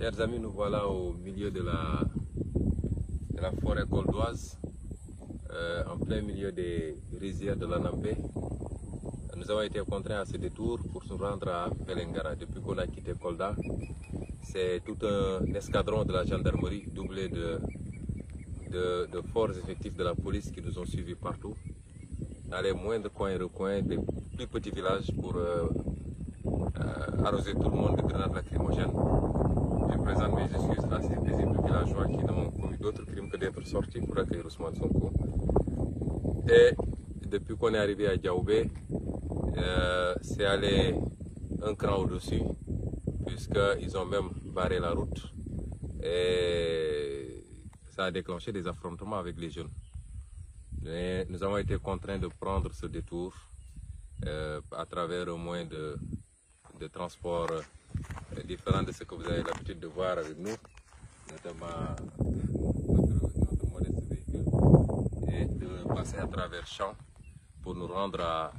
Chers amis, nous voilà au milieu de la, forêt coldoise, euh, en plein milieu des rizières de la Nampé. Nous avons été contraints à ce détour pour se rendre à Pelengara. Depuis qu'on a quitté Kolda, c'est tout un escadron de la gendarmerie doublé de, de, effectives effectifs de la police qui nous ont suivis partout, dans les moindres coins et recoins des plus petits villages pour euh, euh, arroser tout le monde de grenades lacrymogènes. Je présente mes excuses à ces paisibles villageois qui n'ont commis d'autres crimes que d'être sortis pour accueillir Ousmane Sonko. Et depuis qu'on est arrivé à Diaoubé, c'est eh, allé un cran au-dessus, puisqu'ils ont même barré la route et ça a déclenché des affrontements avec les jeunes. nous avons été contraints de prendre ce détour euh, à travers un moyen de, de transport différent de ce que vous avez l'habitude de voir avec nous, notamment notre, modeste véhicule, et de passer à travers champs pour nous rendre à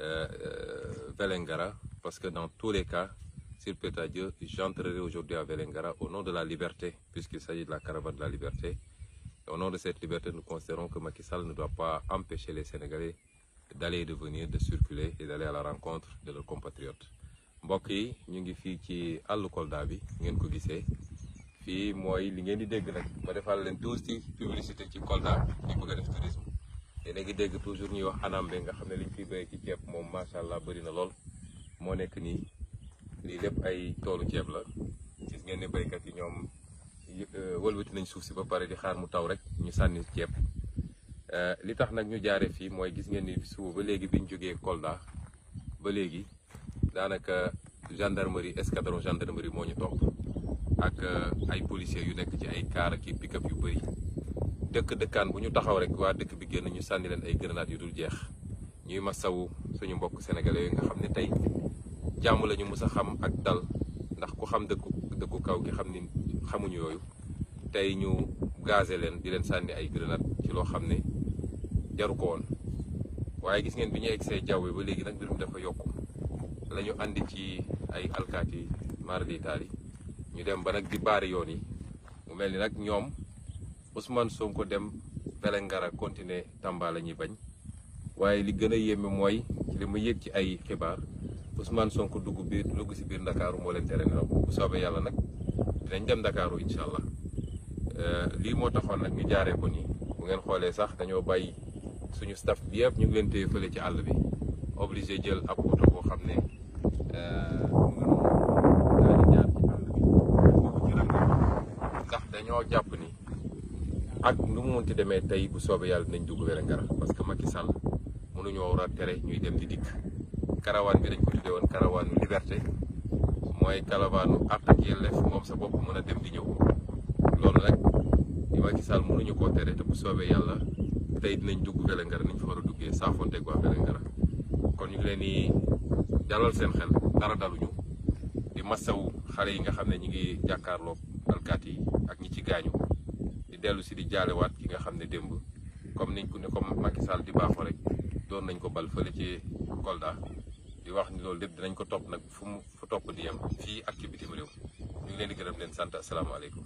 euh, euh, Velengara, parce que dans tous les cas, s'il peut à Dieu, j'entrerai aujourd'hui à Velengara au nom de la liberté, puisqu'il s'agit de la caravane de la liberté. Au nom de cette liberté, nous considérons que Macky Sall ne doit pas empêcher les Sénégalais d'aller et de venir, de circuler et d'aller à la rencontre de leurs compatriotes. mbokk yi ñu ngi fii ci àllu Kolda bi ngeen ko gisee fii mooy li ngeen di dégg nag ma defal leen tuuti publicité ci Kolda ñu bëgg def tourisme dina ngi dégg toujours ñuy wax Anambé nga xam ne liñ fiy béyee ci ceeb moom macha allah bëri na lool moo nekk nii lii lépp ay toolu ceeb la gis ngeen ne béykat yi ñoom euh, wëlbati nañ suuf si ba pare di xaar mu taw rek ñu sànni ceeb euh, li tax nag ñu jaaree fii mooy gis ngeen ni suuf ba léegi ñu jógee Kolda ba danaka gendarmerie escadron gendarmerie moñu ñu ak ay policiers yu nek ci ay car ak pick-up yu bari dëkk dëkkaan bu ñu taxaw rek wa dëkk bi genn ñu sànni len ay grenades yu dul jeex ñuy masawu suñu mbokk sénégalais yi nga xamni tay jamm lañu mësa xam ak dal ndax ku xam dekk dekk kaw gi xamni xamuñu yoyu tay ñu gazé len di len ay grenades ci lo xamni jaru ko won waye gis ngeen biñu exé jawé ba légui nak dafa yokku lañu ñu ci ay alkaati mardi taali ñu dem ba nag di baari yoon yi mu mel ni nag ñoom Ousmane Sonko dem Vélingara continuer Tamba la ñuy bañ waaye li gën a yéeme mooy li mu yëg ci ay xibaar Ousmane Sonko dugg biir dugg si biir Ndakaaru moo leen tere nelaw bu soobee yàlla nag dañ dem Ndakaaru incha allah euh, lii moo taxoon nag ñu jaaree ko nii bu ngeen xoolee sax dañoo bàyyi suñu staff bi yëpp ñu ngi leen téye fële ci àll bi obligé jël ab oto boo xam ne ndax dañoo jàpp ni ak nu mu munti demee tey bu soobee yàlla dinañ dugg Vélingara parce que Macky Sall mënuñoo war a tere ñuy dem di dikk karawaan bi dañ ko tuddee woon karawaanu liberté mooy karawaanu àq ak yelleef moom sa bopp mën a dem di ñëw loolu nag Macky Sall mënuñu koo tere te bu soobee yàlla tey dinañ dugg Vélingara niñ fa war a duggee saafonteeg waa kon ñu ngi leen dalal seen xel dara daluñu di masawu xale yi nga xam ne ñi ngi jàkkaarloog alkaat yi ak ñi ci gaañu di dellu si di jaalewaat ki nga xam ne démb comme niñ ku ne comme Macky Sall di baaxoo rek doon nañ ko bal fële ci Kolda di wax ni loolu lépp dinañ ko topp nag fu mu fu topp di yem fii ak ci bitim réew ñu ngi leen di gërëm leen sant asalaamaaleykum